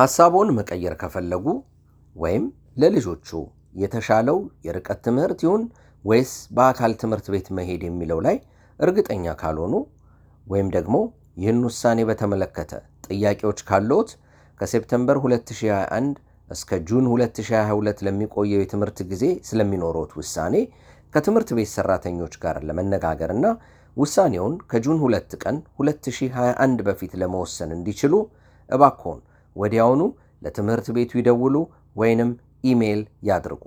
ሐሳቦን መቀየር ከፈለጉ ወይም ለልጆቹ የተሻለው የርቀት ትምህርት ይሁን ወይስ በአካል ትምህርት ቤት መሄድ የሚለው ላይ እርግጠኛ ካልሆኑ ወይም ደግሞ ይህን ውሳኔ በተመለከተ ጥያቄዎች ካለዎት ከሴፕተምበር 2021 እስከ ጁን 2022 ለሚቆየው የትምህርት ጊዜ ስለሚኖረዎት ውሳኔ ከትምህርት ቤት ሰራተኞች ጋር ለመነጋገርና ውሳኔውን ከጁን 2 ቀን 2021 በፊት ለመወሰን እንዲችሉ እባክዎን ወዲያውኑ ለትምህርት ቤቱ ይደውሉ ወይንም ኢሜይል ያድርጉ።